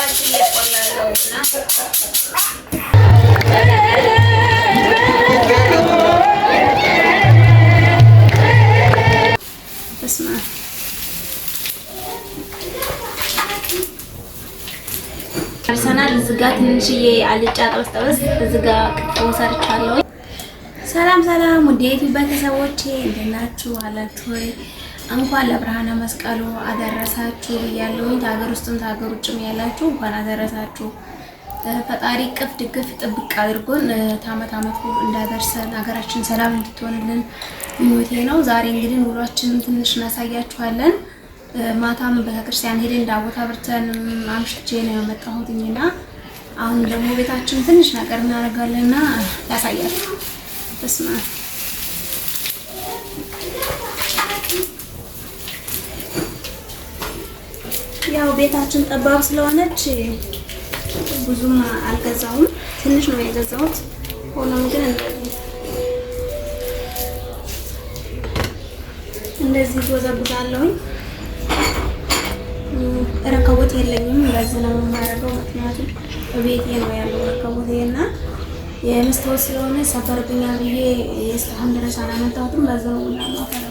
አብራችሁ እየቆላለሁ እና ደርሰናል። እዚህ ጋር ትንሽዬ አልጫ ጠበስ ጠበስ እዚህ ጋር ቅጥፎ ሰርቻለሁ። ሰላም ሰላም፣ ውድ ቤተሰቦቼ እንደናችሁ አላችሁ ወይ? እንኳን ለብርሃነ መስቀሉ አደረሳችሁ ብያለሁኝ። ሀገር ውስጥም ሀገር ውጭም ያላችሁ እንኳን አደረሳችሁ። ፈጣሪ ቅፍ ድግፍ ጥብቅ አድርጎን ከዓመት ዓመቱ እንዳደርሰን ሀገራችን ሰላም እንድትሆንልን ምኞቴ ነው። ዛሬ እንግዲህ ውሏችንን ትንሽ እናሳያችኋለን። ማታም ቤተክርስቲያን ሄደን ዳቦታ ብርተን አምሽቼ ነው የመጣሁትኝና አሁን ደግሞ ቤታችን ትንሽ ነገር እናደርጋለንና ያሳያል። በስመ አብ ያው ቤታችን ጠባብ ስለሆነች ብዙም አልገዛውም፣ ትንሽ ነው የገዛሁት። ሆኖም ግን እንደዚህ ጎዘጉዛለሁኝ። ረከቦት የለኝም፣ በዚህ ነው የማደርገው። ምክንያቱም ቤቴ ነው ያለው ረከቦቴ እና የመስታወት ስለሆነ ሰፈርብኛ ብዬ እስካሁን ድረስ አላመጣሁትም። በዛው ቡና ማፈራ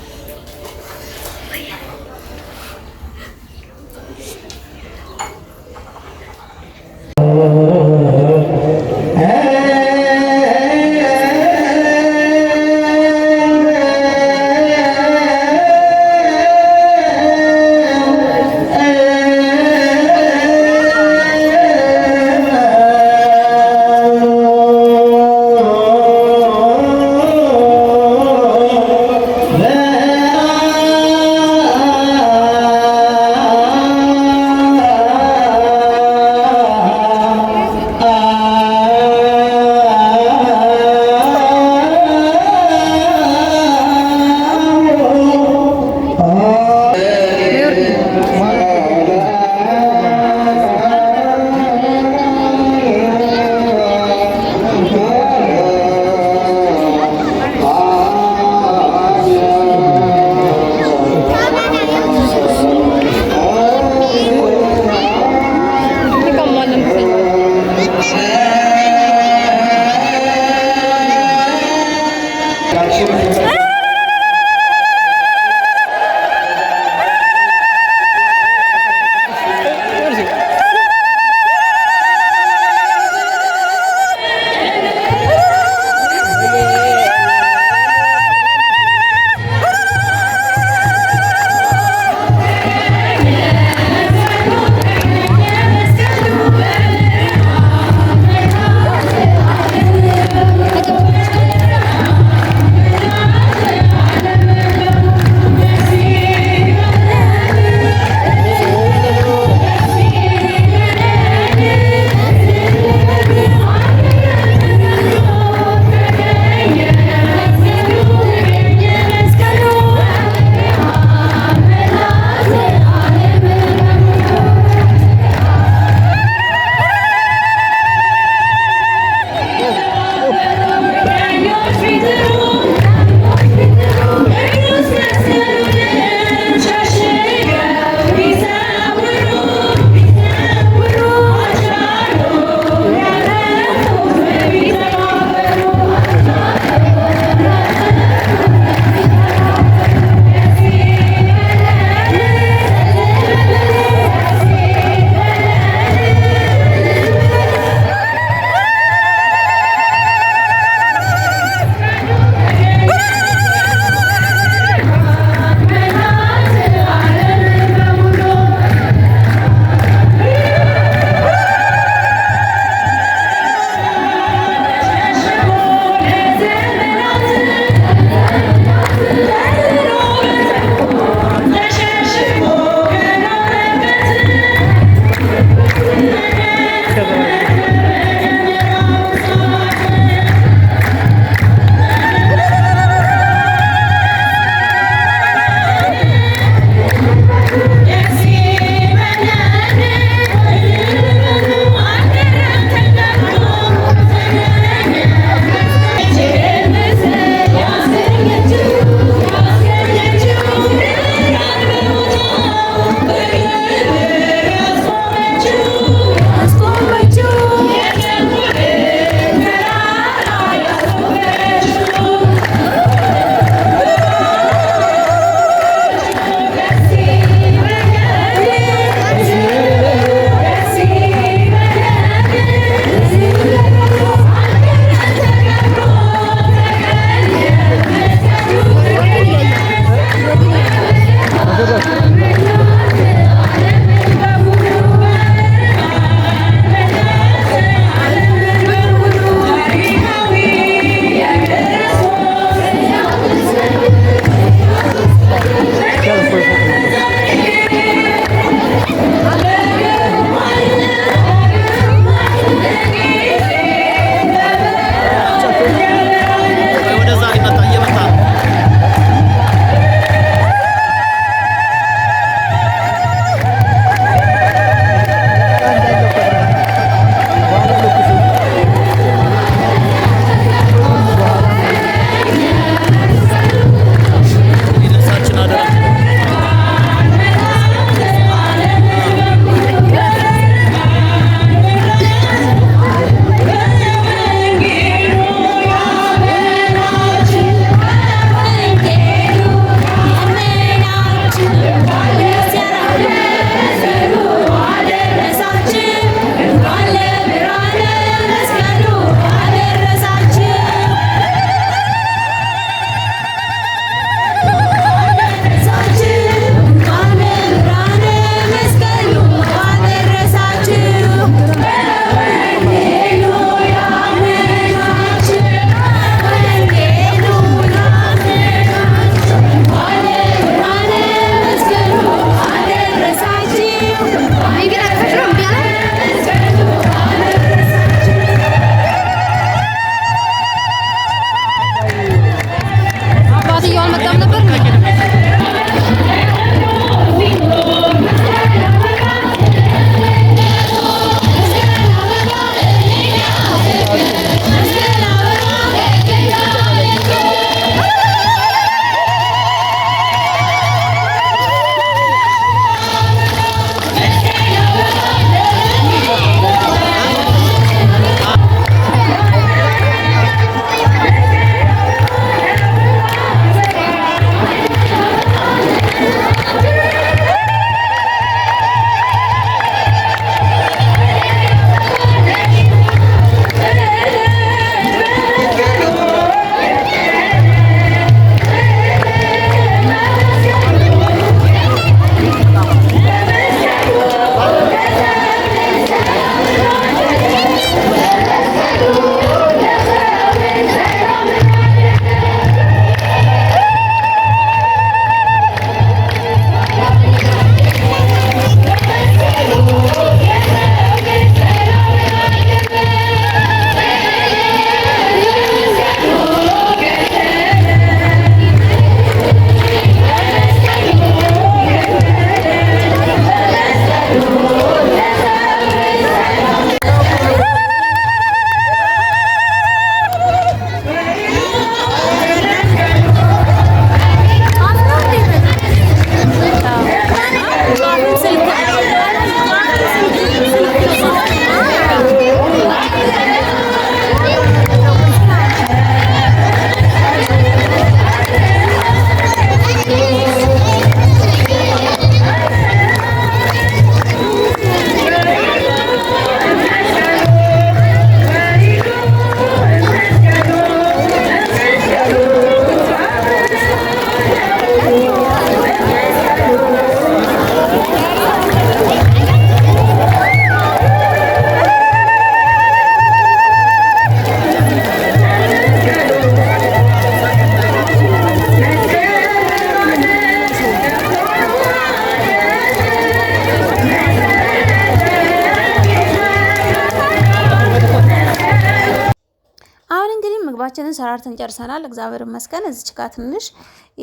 ፓርትን ጨርሰናል። እግዚአብሔር ይመስገን። እዚች ጋ ትንሽ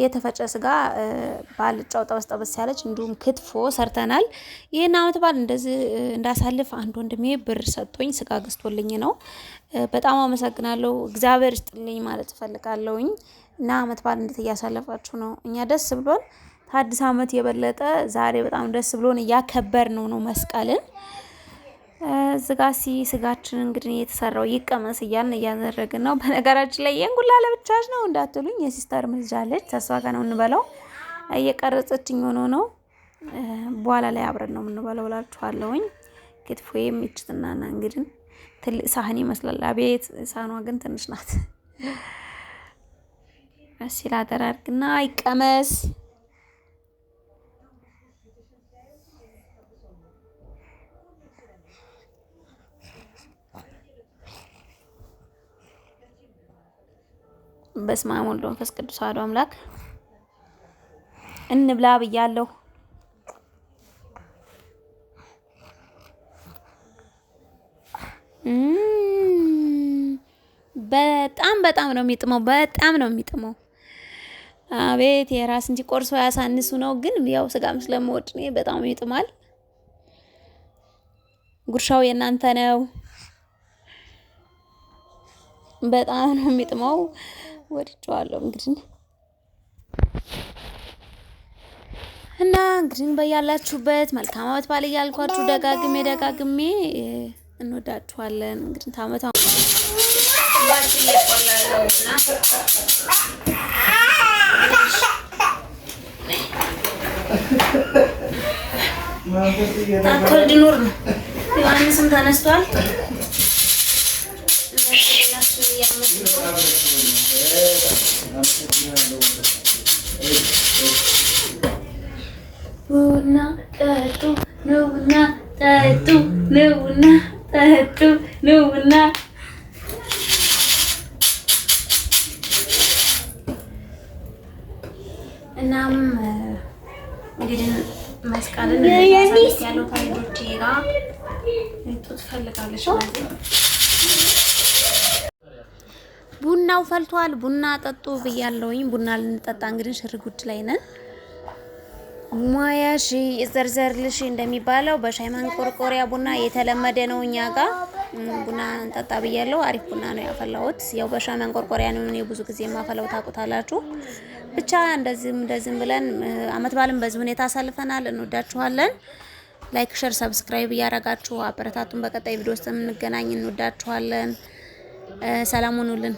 የተፈጨ ስጋ ባልጫው ጠበስ ጠበስ ያለች እንዲሁም ክትፎ ሰርተናል። ይህን አመት በዓል እንደዚህ እንዳሳልፍ አንድ ወንድሜ ብር ሰጥቶኝ ስጋ ገዝቶልኝ ነው። በጣም አመሰግናለሁ። እግዚአብሔር ይስጥልኝ ማለት እፈልጋለሁኝ እና አመት በዓል እንዴት እያሳለፋችሁ ነው? እኛ ደስ ብሎን ከአዲስ አመት የበለጠ ዛሬ በጣም ደስ ብሎን እያከበር ነው ነው መስቀልን እዚጋ ሲ ስጋችን እንግዲህ የተሰራው ይቀመስ እያልን እያደረግ ነው። በነገራችን ላይ የእንጉላ ለብቻች ነው እንዳትሉኝ፣ የሲስተር ምልጃ አለች ተስፋ ጋ ነው እንበለው እየቀረጸችኝ ሆኖ ነው። በኋላ ላይ አብረን ነው የምንበላው እላችኋለሁኝ። ክትፎ ይችትናና እንግዲህ ትልቅ ሳህን ይመስላል። አቤት ሳህኗ ግን ትንሽ ናት። ሲል አደራርግና ይቀመስ በስመ አብ ወወልድ ወመንፈስ ቅዱስ አሐዱ አምላክ። እንብላ ብያለሁ። በጣም በጣም ነው የሚጥመው። በጣም ነው የሚጥመው። አቤት የራስ እንጂ ቆርሶ ያሳንሱ ነው። ግን ያው ስጋም ስለምወድ እኔ በጣም ይጥማል። ጉርሻው የእናንተ ነው። በጣም ነው የሚጥመው። ወድጀዋለሁ እንግዲህ እና እንግዲህ በያላችሁበት መልካም አመት ባል እያልኳችሁ ደጋግሜ ደጋግሜ እንወዳችኋለን። እንግዲህ ታመታ ታክል ዲኖር ነው። ዮሐንስም ተነስቷል። Luna, tatu, Luna, tatu, Luna, tatu, Luna. እናም እንግዲህ መስቀልን ያሉ ከልጆቼ ጋር ጡት ፈልጋለች ማለት ነው። ቡናው ፈልቷል። ቡና ጠጡ ብያለሁኝ። ቡና ልንጠጣ እንግዲህ ጉድ ላይ ነን። ዘርዘር ይዘርዘርልሽ እንደሚባለው በሻይ ማንቆርቆሪያ ቡና የተለመደ ነው እኛ ቡና እንጠጣ ብያለሁ። አሪፍ ቡና ነው ያፈላሁት። ያው በሻይ ማንቆርቆሪያ ነው ብዙ ጊዜ የማፈላው ታውቁታላችሁ። ብቻ እንደዚህም እንደዚህም ብለን አመት በዓልን በዚህ ሁኔታ አሳልፈናል። እንወዳችኋለን። ላይክ፣ ሸር፣ ሰብስክራይብ እያረጋችሁ አበረታቱን። በቀጣይ ቪዲዮ ውስጥ የምንገናኝ። እንወዳችኋለን። ሰላም ሁኑልን።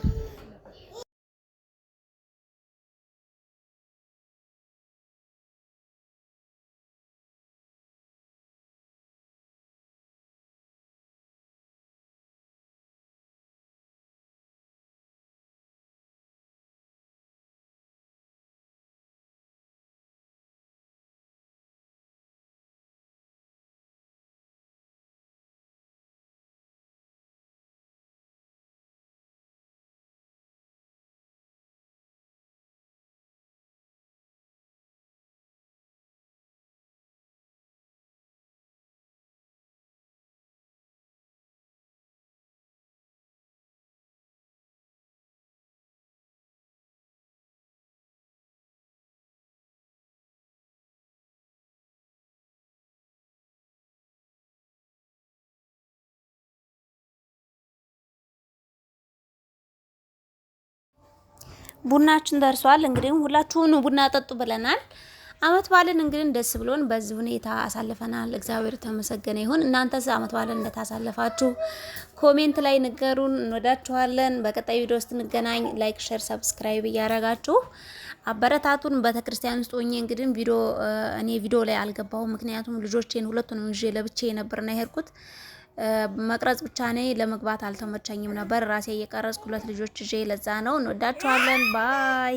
ቡናችን ደርሷል። እንግዲህ ሁላችሁን ቡና ጠጡ ብለናል። አመት በዓልን እንግዲህ ደስ ብሎን በዚህ ሁኔታ አሳልፈናል። እግዚአብሔር ተመሰገነ ይሁን። እናንተስ አመት በዓልን እንደታሳለፋችሁ ኮሜንት ላይ ንገሩን። እንወዳችኋለን። በቀጣይ ቪዲዮ ውስጥ እንገናኝ። ላይክ፣ ሼር፣ ሰብስክራይብ እያረጋችሁ አበረታቱን። ቤተክርስቲያን ውስጥ ሆኜ እንግዲህ ቪዲዮ እኔ ቪዲዮ ላይ አልገባሁም። ምክንያቱም ልጆቼን ሁለቱንም ይዤ ለብቼ ነበርና የሄድኩት መቅረጽ ብቻ እኔ ለመግባት አልተመቸኝም ነበር። ራሴ እየቀረጽኩ ሁለት ልጆች ይዤ ለዛ ነው። እንወዳችኋለን ባይ